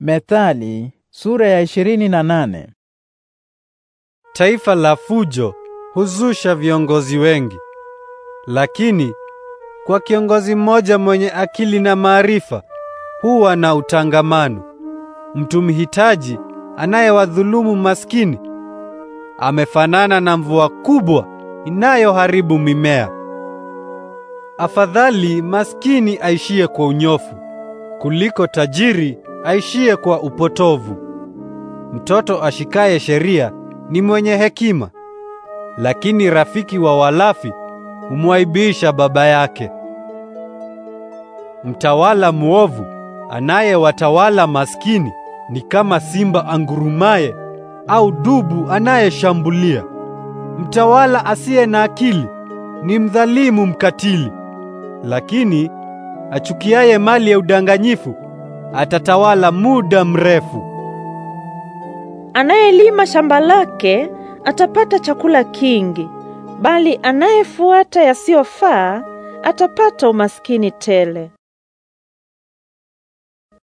Methali sura ya na nane. Taifa la fujo huzusha viongozi wengi, lakini kwa kiongozi mmoja mwenye akili na maarifa huwa na utangamano. Mtu mhitaji anayewadhulumu maskini amefanana na mvua kubwa inayoharibu mimea. Afadhali maskini aishie kwa unyofu kuliko tajiri aishiye kwa upotovu. Mtoto ashikaye sheria ni mwenye hekima, lakini rafiki wa walafi humwaibisha baba yake. Mtawala muovu anayewatawala maskini ni kama simba angurumaye au dubu anayeshambulia. Mtawala asiye na akili ni mdhalimu mkatili, lakini achukiaye mali ya udanganyifu atatawala muda mrefu. Anayelima shamba lake atapata chakula kingi, bali anayefuata yasiyofaa atapata umaskini tele.